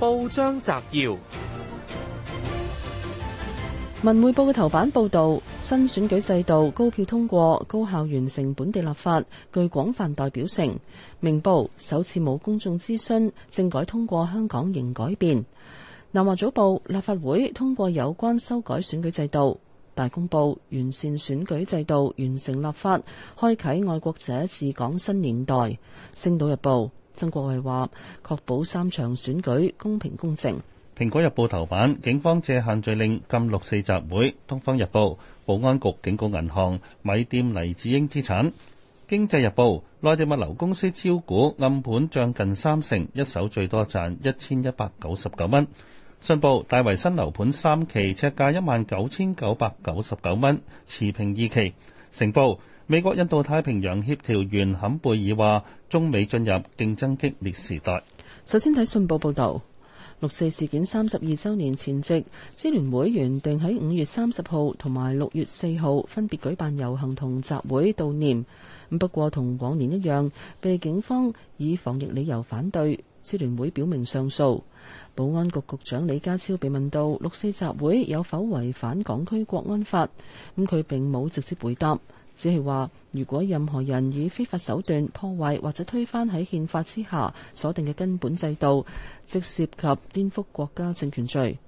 報章摘要：文匯報嘅頭版報道新選舉制度高票通過，高效完成本地立法，具廣泛代表性。明報首次冇公眾諮詢，政改通過香港仍改變。南華早報立法會通過有關修改選舉制度，大公報完善選舉制度，完成立法，開啟愛國者治港新年代。星島日報。曾國衛話：確保三場選舉公平公正。蘋果日報頭版，警方借限聚令禁六四集會。東方日報，保安局警告銀行米店黎智英資產。經濟日報，內地物流公司招股暗盤漲近三成，一手最多賺一千一百九十九蚊。信報，大圍新樓盤三期尺價一萬九千九百九十九蚊，持平二期。成報美國印度太平洋協調員坎貝爾話：中美進入競爭激烈時代。首先睇信報報道，六四事件三十二週年前夕，支聯會原定喺五月三十號同埋六月四號分別舉辦遊行同集會悼念。咁不過同往年一樣，被警方以防疫理由反對，支聯會表明上訴。保安局局長李家超被問到六四集會有否違反港區國安法，咁佢並冇直接回答，只係話如果任何人以非法手段破壞或者推翻喺憲法之下所定嘅根本制度，即涉及顛覆國家政權罪。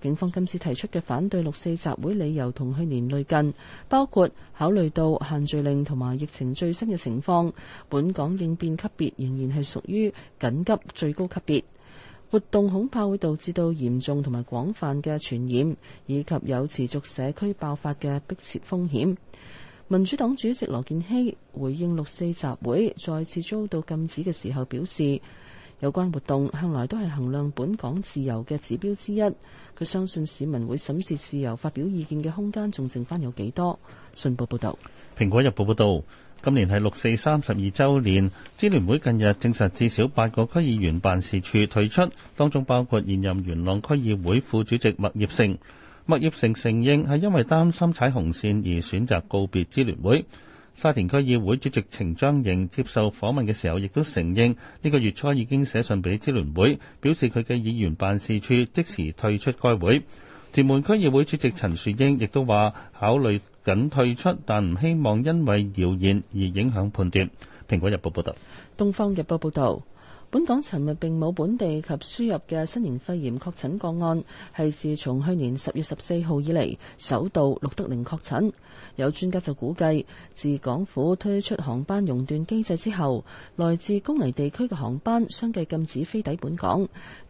警方今次提出嘅反對六四集會理由同去年類近，包括考慮到限聚令同埋疫情最新嘅情況，本港應變級別仍然係屬於緊急最高級別。活動恐怕會導致到嚴重同埋廣泛嘅傳染，以及有持續社區爆發嘅迫切風險。民主黨主席羅健熙回應六四集會再次遭到禁止嘅時候表示：有關活動向來都係衡量本港自由嘅指標之一。佢相信市民會審視自由發表意見嘅空間仲剩翻有幾多。信報報導，《蘋果日報》報導。今年係六四三十二週年，支聯會近日證實至少八個區議員辦事處退出，當中包括現任元朗區議會副主席麥業成。麥業成承認係因為擔心踩紅線而選擇告別支聯會。沙田區議會主席程張迎接受訪問嘅時候，亦都承認呢個月初已經寫信俾支聯會，表示佢嘅議員辦事處即時退出該會。屯門區議會主席陳雪英亦都話：考慮緊退出，但唔希望因為謠言而影響判斷。《蘋果日報》報道，《東方日報》報道。本港尋日並冇本地及輸入嘅新型肺炎確診個案，係自從去年十月十四號以嚟首度錄得零確診。有專家就估計，自港府推出航班熔斷機制之後，來自高危地區嘅航班相繼禁止飛抵本港，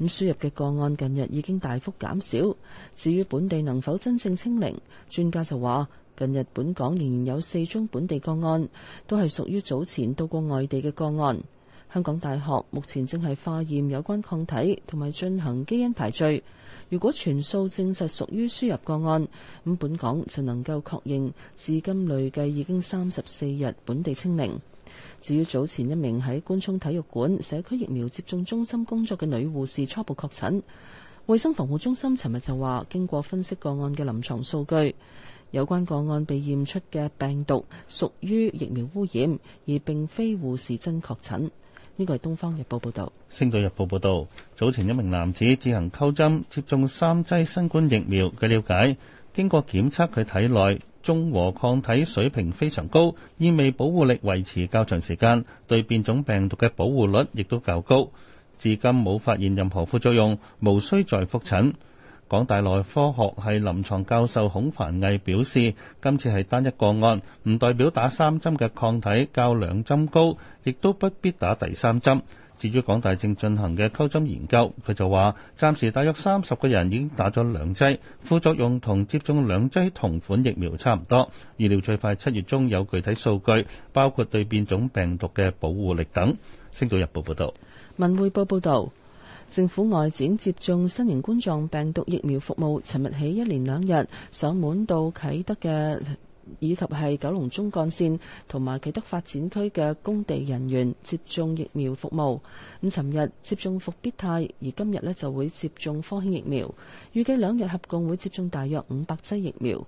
咁輸入嘅個案近日已經大幅減少。至於本地能否真正清零，專家就話，近日本港仍然有四宗本地個案，都係屬於早前到過外地嘅個案。香港大學目前正係化驗有關抗體，同埋進行基因排序。如果全數證實屬於輸入個案，咁本港就能夠確認至今累計已經三十四日本地清零。至於早前一名喺官涌體育館社區疫苗接種中心工作嘅女護士初步確診，衞生防護中心尋日就話，經過分析個案嘅臨床數據，有關個案被驗出嘅病毒屬於疫苗污染，而並非護士真確診。呢個係東方日報報道。星島日報報道，早前一名男子自行溝針接種三劑新冠疫苗，據了解，經過檢測，佢體內中和抗體水平非常高，意味保護力維持較長時間，對變種病毒嘅保護率亦都較高，至今冇發現任何副作用，無需再覆診。港大內科學系臨床教授孔凡毅表示，今次係單一個案，唔代表打三針嘅抗體較兩針高，亦都不必打第三針。至於港大正進行嘅溝針研究，佢就話，暫時大約三十個人已經打咗兩劑，副作用同接種兩劑同款疫苗差唔多，預料最快七月中有具體數據，包括對變種病毒嘅保護力等。星島日報報道。文匯報報導。政府外展接種新型冠狀病毒疫苗服務尋日起一連兩日上門到啟德嘅以及係九龍中幹線同埋啟德發展區嘅工地人員接種疫苗服務，咁尋日接種復必泰，而今日咧就會接種科興疫苗，預計兩日合共會接種大約五百劑疫苗。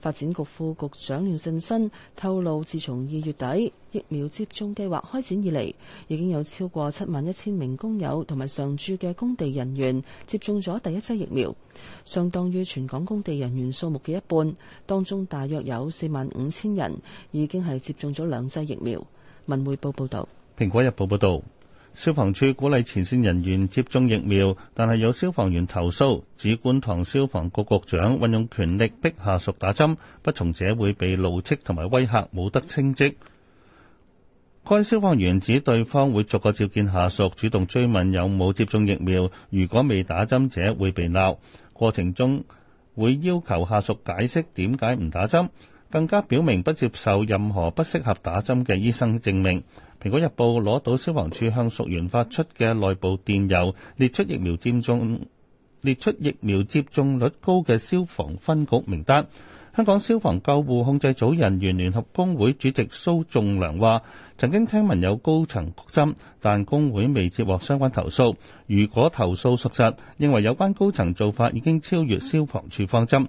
發展局副局長廖振新透露，自從二月底疫苗接種計劃開展以嚟，已經有超過七萬一千名工友同埋常駐嘅工地人員接種咗第一劑疫苗，相當於全港工地人員數目嘅一半，當中大約有四萬五千人已經係接種咗兩劑疫苗。文匯報報道，蘋果日報報道。消防處鼓勵前線人員接種疫苗，但係有消防員投訴，指觀塘消防局局長運用權力逼下屬打針，不從者會被怒斥同埋威嚇，冇得稱職。該消防員指對方會逐個召見下屬，主動追問有冇接種疫苗，如果未打針者會被鬧，過程中會要求下屬解釋點解唔打針，更加表明不接受任何不適合打針嘅醫生證明。《蘋果日報》攞到消防處向屬員發出嘅內部電郵，列出疫苗佔中，列出疫苗接種率高嘅消防分局名單。香港消防救護控制組人員聯合工會主席蘇仲良話，曾經聽聞有高層谷針，但工會未接獲相關投訴。如果投訴屬實，認為有關高層做法已經超越消防處方針。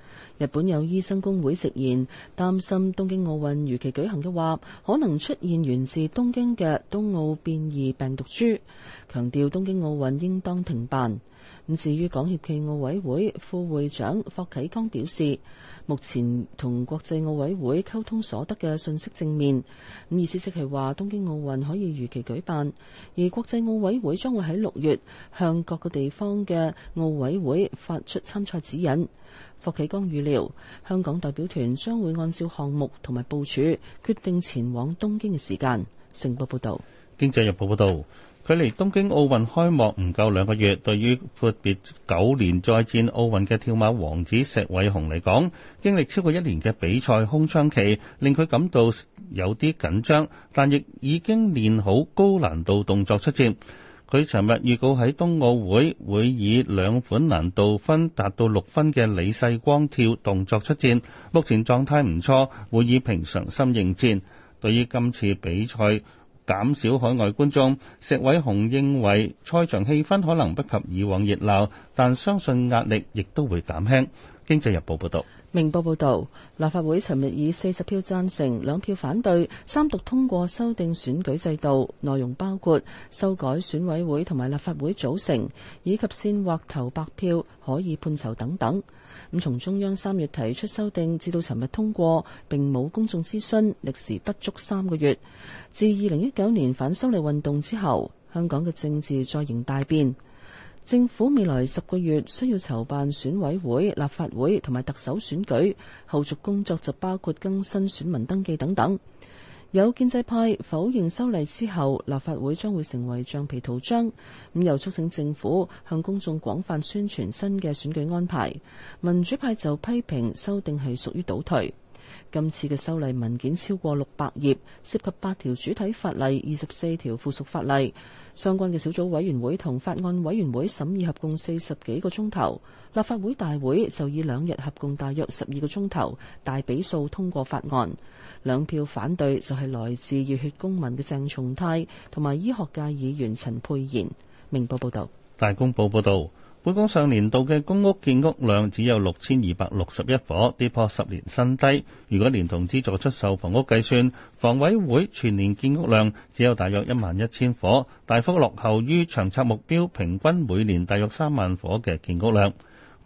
日本有醫生工會直言，擔心東京奧運如期舉行嘅話，可能出現源自東京嘅東奧變異病毒株，強調東京奧運應當停辦。咁至於港協暨奧委會副會長霍啟剛表示，目前同國際奧委會溝通所得嘅信息正面，咁意思即係話東京奧運可以如期舉辦，而國際奧委會將會喺六月向各個地方嘅奧委會發出參賽指引。霍啟剛預料，香港代表團將會按照項目同埋部署決定前往東京嘅時間。成報報道。《經濟日報》報導。距離東京奧運開幕唔夠兩個月，對於闊別九年再戰奧運嘅跳馬王子石偉雄嚟講，經歷超過一年嘅比賽空窗期，令佢感到有啲緊張，但亦已經練好高難度動作出戰。佢尋日預告喺東奧會會以兩款難度分達到六分嘅李世光跳動作出戰，目前狀態唔錯，會以平常心應戰。對於今次比賽，減少海外觀眾，石偉雄認為賽場氣氛可能不及以往熱鬧，但相信壓力亦都會減輕。經濟日報報道：「明報報道，立法會尋日以四十票贊成、兩票反對、三讀通過修訂選舉制度，內容包括修改選委會同埋立法會組成，以及先獲投白票可以判囚等等。咁從中央三月提出修訂至到尋日通過，並冇公眾諮詢，歷時不足三個月。自二零一九年反修例運動之後，香港嘅政治再迎大變。政府未來十個月需要籌辦選委會、立法會同埋特首選舉，後續工作就包括更新選民登記等等。有建制派否認修例之後，立法會將會成為橡皮圖章，咁又促請政府向公眾廣泛宣傳新嘅選舉安排。民主派就批評修訂係屬於倒退。今次嘅修例文件超過六百頁，涉及八條主體法例、二十四條附屬法例。相關嘅小組委員會同法案委員會審議合共四十幾個鐘頭，立法會大會就以兩日合共大約十二個鐘頭大比數通過法案，兩票反對就係來自熱血公民嘅鄭松泰同埋醫學界議員陳沛然。明報報道。大公報報道。本港上年度嘅公屋建屋量只有六千二百六十一伙，跌破十年新低。如果連同資助出售房屋計算，房委會全年建屋量只有大約一萬一千伙，大幅落後於長策目標，平均每年大約三萬伙嘅建屋量。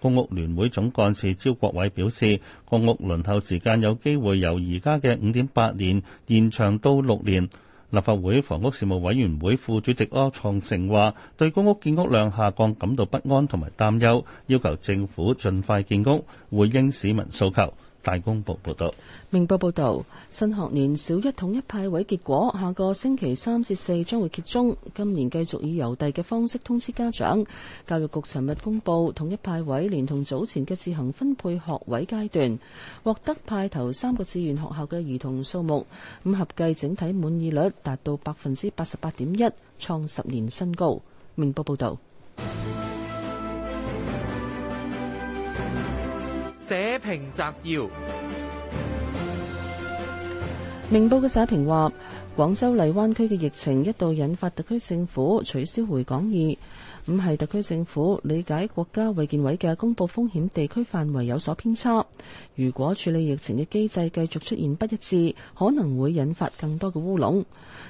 公屋聯會總幹事招國偉表示，公屋輪候時間有機會由而家嘅五點八年延長到六年。立法會房屋事務委員會副主席柯創盛話：對公屋建屋量下降感到不安同埋擔憂，要求政府盡快建屋，回應市民訴求。大公報報道，明報報道，新學年小一統一派位結果下個星期三至四將會揭盅，今年繼續以郵遞嘅方式通知家長。教育局尋日公佈統一派位連同早前嘅自行分配學位階段，獲得派頭三個志願學校嘅兒童數目，咁合計整體滿意率達到百分之八十八點一，創十年新高。明報報道。社評摘要：明報嘅社評話，廣州荔灣區嘅疫情一度引發特區政府取消回港易。五係特區政府理解國家衛健委嘅公佈風險地區範圍有所偏差，如果處理疫情嘅機制繼續出現不一致，可能會引發更多嘅烏龍。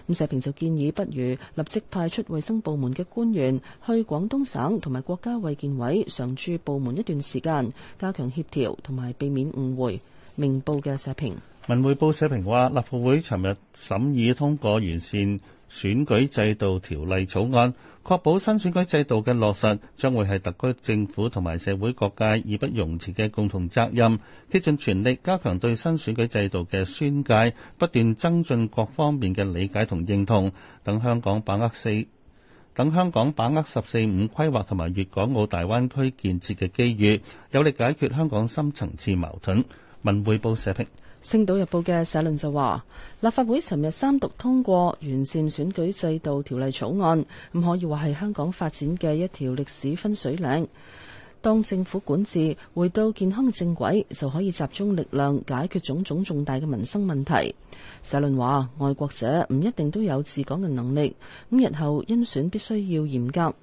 咁社評就建議不如立即派出衛生部門嘅官員去廣東省同埋國家衛健委常駐部門一段時間，加強協調同埋避免誤會，明報嘅社評。文匯報社評話，立法會尋日審議通過完善選舉制度條例草案，確保新選舉制度嘅落實，將會係特區政府同埋社會各界義不容辭嘅共同責任。竭盡全力加強對新選舉制度嘅宣介，不斷增進各方面嘅理解同認同，等香港把握四等香港把握十四五規劃同埋粵港澳大灣區建設嘅機遇，有力解決香港深層次矛盾。文匯報社評。《星島日報》嘅社論就話，立法會尋日三讀通過完善選舉制度條例草案，唔可以話係香港發展嘅一條歷史分水嶺。當政府管治回到健康嘅正軌，就可以集中力量解決種種重大嘅民生問題。社論話，愛國者唔一定都有治港嘅能力，咁日後甄選必須要嚴格，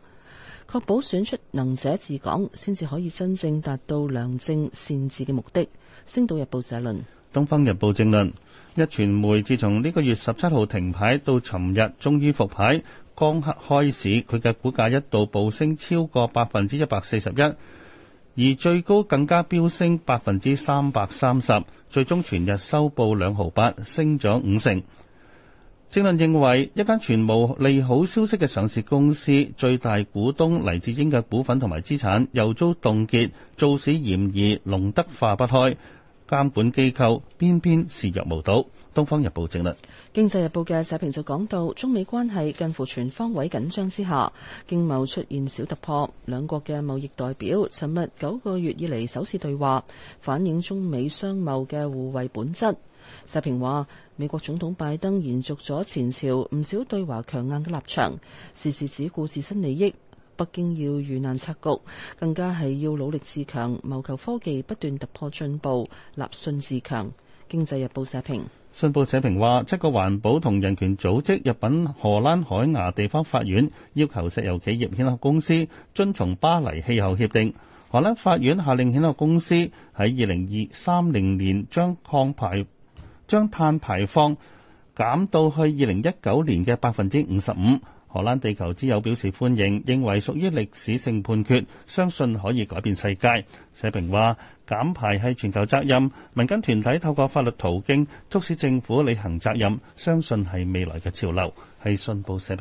確保選出能者治港，先至可以真正達到良政善治嘅目的。《星島日報》社論。《東方日報》正論：壹傳媒自從呢個月十七號停牌到尋日，終於復牌，剛開市，佢嘅股價一度暴升超過百分之一百四十一，而最高更加飆升百分之三百三十，最終全日收報兩毫八，升咗五成。正論認為，一間全無利好消息嘅上市公司，最大股東黎智英嘅股份同埋資產又遭凍結，造市嫌疑濃得化不開。監管機構偏偏視若無睹。東方日報正論，經濟日報嘅社評就講到中美關係近乎全方位緊張之下，經貿出現小突破，兩國嘅貿易代表沉默九個月以嚟首次對話，反映中美商貿嘅互惠本質。社評話，美國總統拜登延續咗前朝唔少對華強硬嘅立場，事事只顧自身利益。北京要遇難策局，更加係要努力自強，謀求科技不斷突破進步，立信自強。經濟日報社評。信報社評話，七個環保同人權組織入禀荷蘭海牙地方法院，要求石油企業蜆殼公司遵從巴黎氣候協定。荷蘭法院下令蜆殼公司喺二零二三零年將，將碳排放減到去二零一九年嘅百分之五十五。荷蘭地球之友表示歡迎，認為屬於歷史性判決，相信可以改變世界。社評話減排係全球責任，民間團體透過法律途徑促使政府履行責任，相信係未來嘅潮流。係信報社評。